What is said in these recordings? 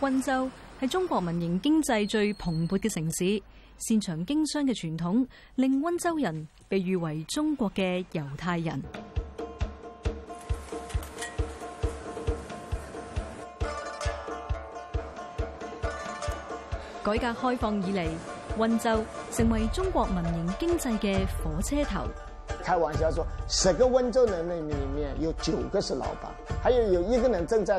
溫州係中國民營經濟最蓬勃嘅城市，擅長經商嘅傳統令溫州人被譽為中國嘅猶太人。改革開放以嚟，溫州成為中國民營經濟嘅火車頭。開玩笑說，十個溫州人裏面，有九個是老闆，還有有一個人正在。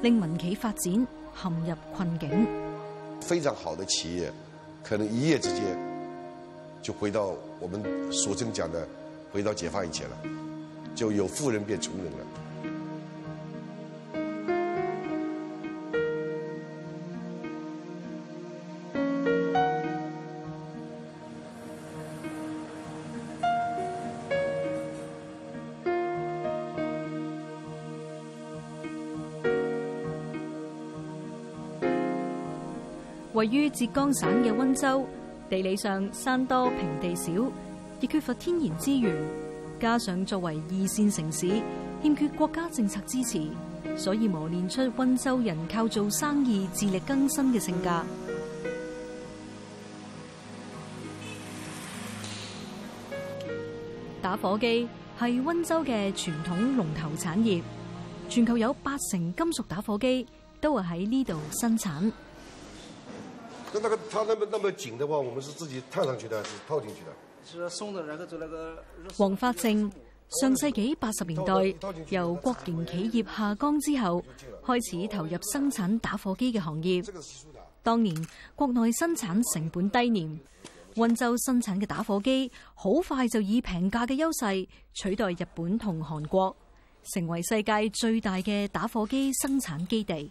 令民企發展陷入困境。非常好的企業可能一夜之間就回到我們所曾講的，回到解放以前了，就有富人變窮人了。位於浙江省嘅溫州，地理上山多平地少，亦缺乏天然資源，加上作為二線城市，欠缺國家政策支持，所以磨練出溫州人靠做生意自力更生嘅性格。打火機係溫州嘅傳統龍頭產業，全球有八成金屬打火機都係喺呢度生產。那那那麼緊的話，我們是自己探上去的，還是套進去的？然後就黃發正上世紀八十年代由國營企業下崗之後，開始投入生產打火機嘅行業。當年國內生產成本低廉，温州生產嘅打火機好快就以平價嘅優勢取代日本同韓國，成為世界最大嘅打火機生產基地。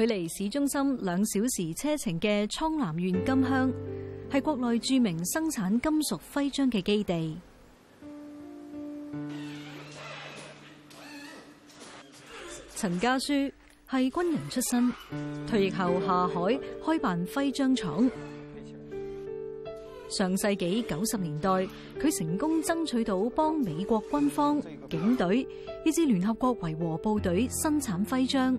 佢距離市中心兩小時車程嘅蒼南縣金鄉，係國內著名生產金屬徽章嘅基地。陳家書係軍人出身，退役後下海開辦徽章廠。上世紀九十年代，佢成功爭取到幫美國軍方、警隊，以至聯合國維和部隊生產徽章。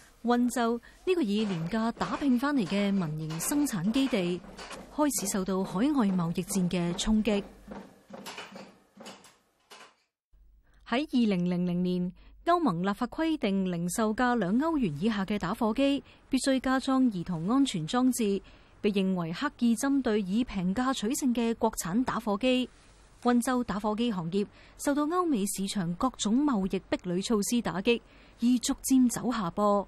溫州呢、這個以廉價打拼翻嚟嘅民營生產基地，開始受到海外貿易戰嘅衝擊。喺二零零零年，歐盟立法規定零售價兩歐元以下嘅打火機必須加裝兒童安全裝置，被認為刻意針對以平價取勝嘅國產打火機。溫州打火機行業受到歐美市場各種貿易壁壘措施打擊，而逐漸走下坡。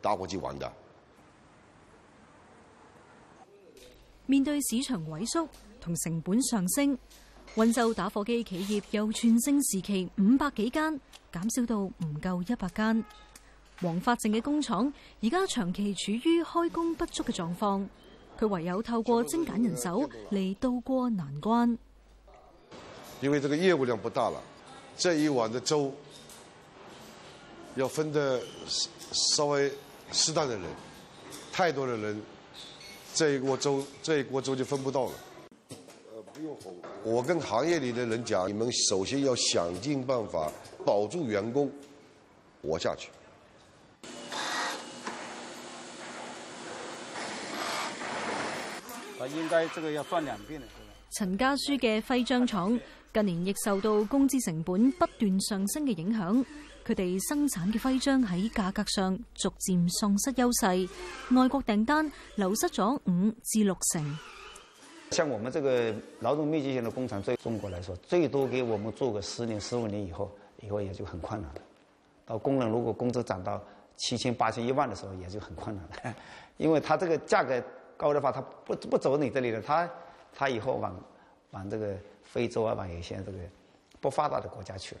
打火機玩噶。面對市場萎縮同成本上升，溫州打火機企業由全盛時期五百幾間減少到唔夠一百間。黃發靜嘅工廠而家長期處於開工不足嘅狀況，佢唯有透過精簡人手嚟渡過難關。因為這個業務量不大了，這一碗的粥要分得稍微。適當的人，太多的人，這一鍋粥，這一鍋粥就分不到了。不用哄。我跟行業裏的人講，你們首先要想盡辦法保住員工活下去。啊，應該這個要算兩遍啦。陳家書嘅徽章廠近年亦受到工資成本不斷上升嘅影響。佢哋生產嘅徽章喺價格上逐漸喪失優勢，外國訂單流失咗五至六成。像我們這個勞動密集型的工廠，對中國來說，最多給我們做個十年、十五年以後，以後也就很困難了。到工人如果工資漲到七千、八千、一萬的時候，也就很困難了，因為他這個價格高的話，他不不走你這裡了，他他以後往往這個非洲啊，往一些這個不發達的國家去了。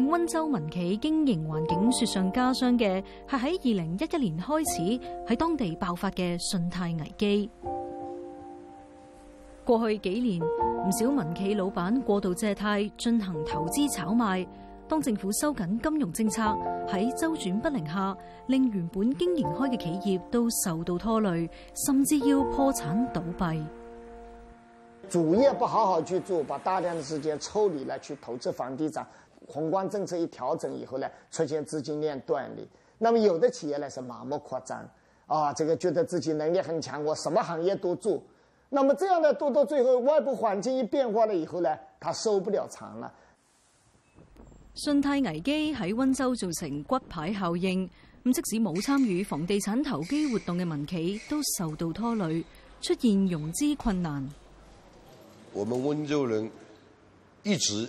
令溫州民企經營環境雪上加霜嘅係喺二零一一年開始喺當地爆發嘅信貸危機。過去幾年，唔少民企老闆過度借貸進行投資炒賣。當政府收緊金融政策喺周轉不靈下，令原本經營開嘅企業都受到拖累，甚至要破產倒閉。主業不好好去做，把大量的時間抽離來去投資房地產。宏觀政策一調整以後呢，出現資金鏈斷裂。那麼有的企業呢是盲目擴張，啊，這個覺得自己能力很強，我什麼行業都做。那麼這樣呢，都到最後外部環境一變化了以後呢，他收不了場了。信貸危機喺溫州造成骨牌效應，咁即使冇參與房地產投機活動嘅民企都受到拖累，出現融資困難。我們溫州人一直。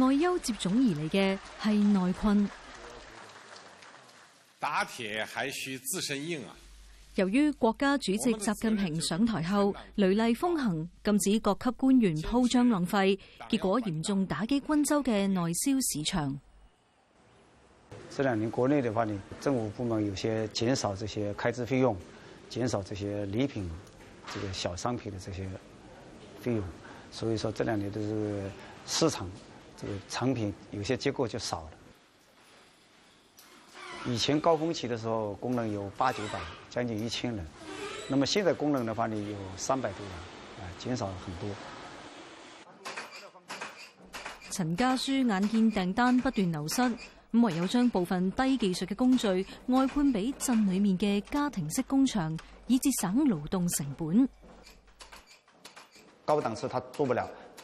外憂接踵而嚟嘅係內困。打鐵還需自身硬啊！由於國家主席習近平上台後，雷厲風行，禁止各級官員鋪張浪費，結果嚴重打擊溫州嘅內銷市場。這兩年國內嘅話呢，政府部門有些減少這些開支費用，減少這些禮品、這個小商品的這些費用，所以說這兩年都是市場。產品有些結構就少了。以前高峰期的時候，工人有八九百，將近一千人。那麼現在工人的話呢，有三百多人，啊，減少了很多。陳家書眼見訂單不斷流失，咁唯有將部分低技術嘅工序外判俾鎮裏面嘅家庭式工廠，以節省勞動成本。高檔次他做不了。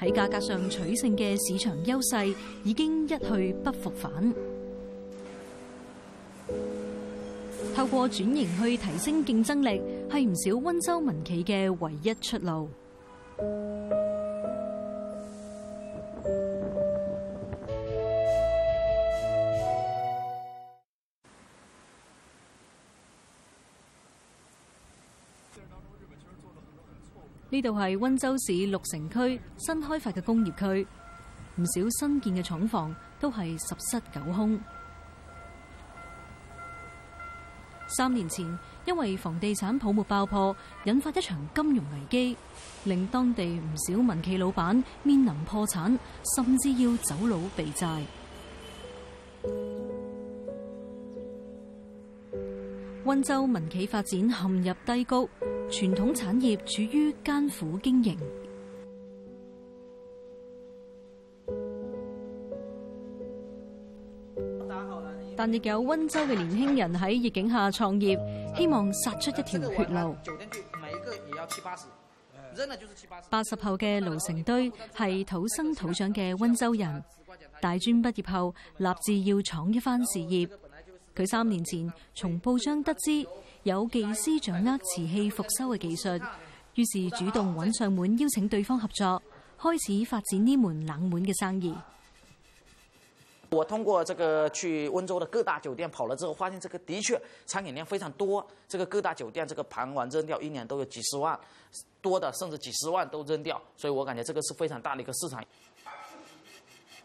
喺價格上取勝嘅市場優勢已經一去不復返，透過轉型去提升競爭力，係唔少温州民企嘅唯一出路。呢度係溫州市鹿城區新開發嘅工業區，唔少新建嘅廠房都係十室九空。三年前，因為房地產泡沫爆破，引發一場金融危機，令當地唔少民企老闆面臨破產，甚至要走佬避債。溫州民企發展陷入低谷，傳統產業處於艱苦經營。但亦有溫州嘅年輕人喺逆境下創業，希望殺出一條血路。八十後嘅盧成堆係土生土長嘅溫州人，大專畢業後立志要闖一番事業。佢三年前從報章得知有技師掌握瓷器復修嘅技術，於是主動揾上門邀請對方合作，開始發展呢門冷門嘅生意。我通過這個去溫州的各大酒店跑了之後，發現這個的確餐飲量非常多，這個各大酒店這個盤碗扔掉一年都有幾十萬多的，甚至幾十萬都扔掉，所以我感覺這個是非常大的一個市場。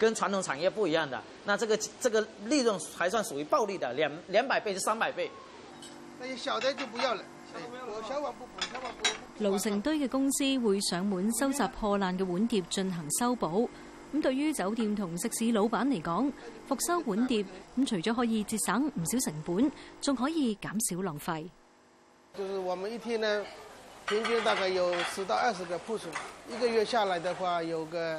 跟傳統產業不一樣的，那這個這個利潤還算屬於暴利的，兩兩百倍至三百倍。那些小的就不要了。小小的不不要盧城堆嘅公司會上門收集破爛嘅碗碟進行修補。咁對於酒店同食肆老闆嚟講，復修碗碟咁除咗可以節省唔少成本，仲可以減少浪費。就是我們一天呢，平均大概有十到二十個破損，一個月下來的話有個。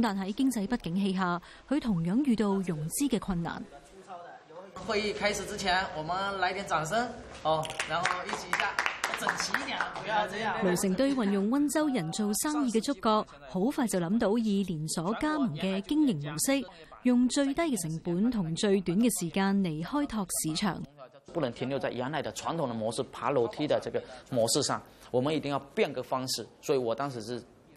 但喺經濟不景氣下，佢同樣遇到融資嘅困難。會議開始之前，我們來點掌聲。好，然後一起一下，整齊一點，不要這樣。盧成堆運用溫州人做生意嘅觸覺，好快就諗到以連鎖加盟嘅經營模式，用最低嘅成本同最短嘅時間嚟開拓市場。不能停留在原來嘅傳統的模式，爬樓梯嘅這個模式上，我們一定要變個方式。所以我當時是。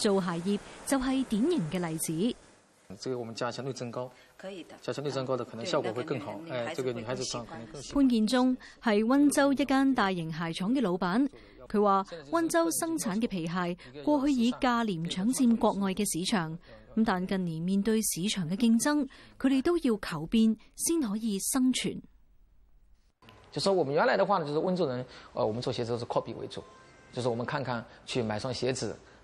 做鞋業就係典型嘅例子。這個我們加強內增高，可以的。加強內增高的可能效果會更好。哎，這個女孩子穿。潘建忠係温州一間大型鞋廠嘅老闆，佢話：温州生產嘅皮鞋過去以價廉搶占國外嘅市場，咁但近年面對市場嘅競爭，佢哋都要求變先可以生存。就說我們原來嘅話呢，就是温州人，我們做鞋都是 copy 為主，就是我們看看去買雙鞋子。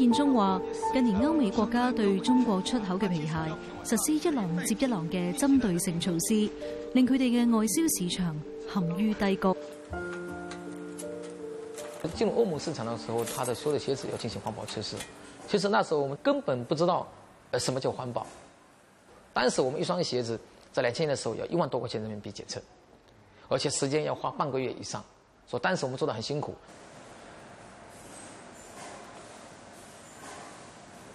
建中話：近年歐美國家對中國出口嘅皮鞋實施一浪接一浪嘅針對性措施，令佢哋嘅外銷市場陷於低谷。進入歐盟市場嘅時候，他的所有的鞋子要進行環保測試。其實那時候我們根本不知道什麼叫環保。當時我們一雙鞋子在兩千年嘅時候要一萬多塊錢人民幣檢測，而且時間要花半個月以上。所以當時我們做得很辛苦。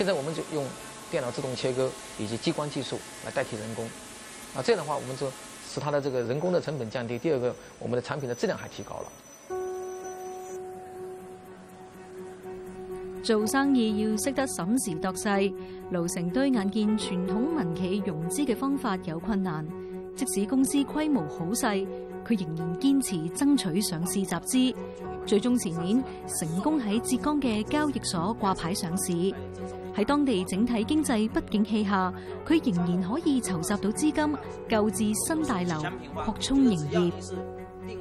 現在我們就用電腦自動切割以及激光技術來代替人工，啊，這樣的話，我們就使它的這個人工的成本降低。第二個，我們的產品的質量還提高了。做生意要識得審時度勢，盧成堆眼見傳統民企融資嘅方法有困難，即使公司規模好細，佢仍然堅持爭取上市集資，最終前年成功喺浙江嘅交易所掛牌上市。喺當地整體經濟不景氣下，佢仍然可以籌集到資金，購置新大樓，擴充營業。定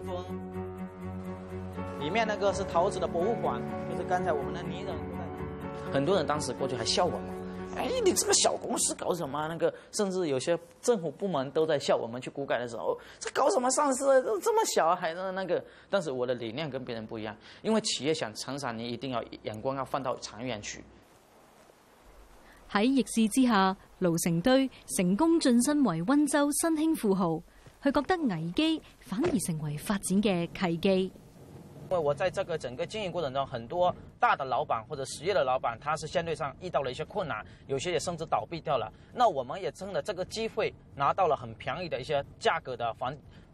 裏面那個是陶瓷的博物館，就是剛才我們的泥人。很多人當時過去還笑我們，哎，你這個小公司搞什麼？那個甚至有些政府部門都在笑我們去股改的時候，這搞什麼上市？都這麼小，啊，還那那個。但是我的理念跟別人不一樣，因為企業想成長，常常你一定要眼光要放到長遠去。喺逆市之下，盧成堆成功晉身為温州新興富豪。佢覺得危機反而成為發展嘅契機。因為我在這個整個經營過程中，很多大的老闆或者實業的老闆，他是相對上遇到了一些困難，有些也甚至倒閉掉了。那我們也趁着這個機會，拿到了很便宜的一些價格的房。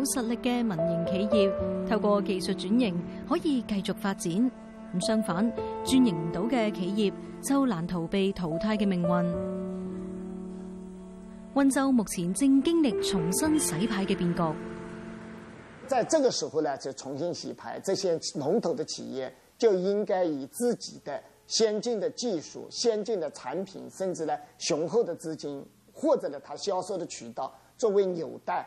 有實力嘅民營企業透過技術轉型可以繼續發展，咁相反轉型唔到嘅企業就難逃被淘汰嘅命運。溫州目前正經歷重新洗牌嘅變局。在這個時候呢，就重新洗牌，這些龍頭的企業就應該以自己的先進的技術、先進的產品，甚至呢雄厚的資金，或者咧它銷售的渠道作為紐帶。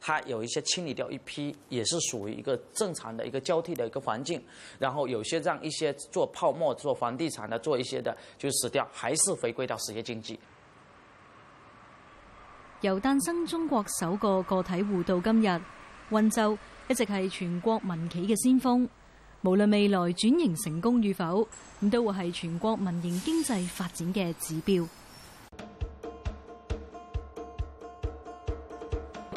它有一些清理掉一批，也是屬於一個正常的一個交替的一個環境。然後有些讓一些做泡沫、做房地產的、做一些的，就死掉，還是回歸到實業經濟。由誕生中國首個個體戶到今日，温州一直係全國民企嘅先鋒。無論未來轉型成功與否，咁都會係全國民營經濟發展嘅指標。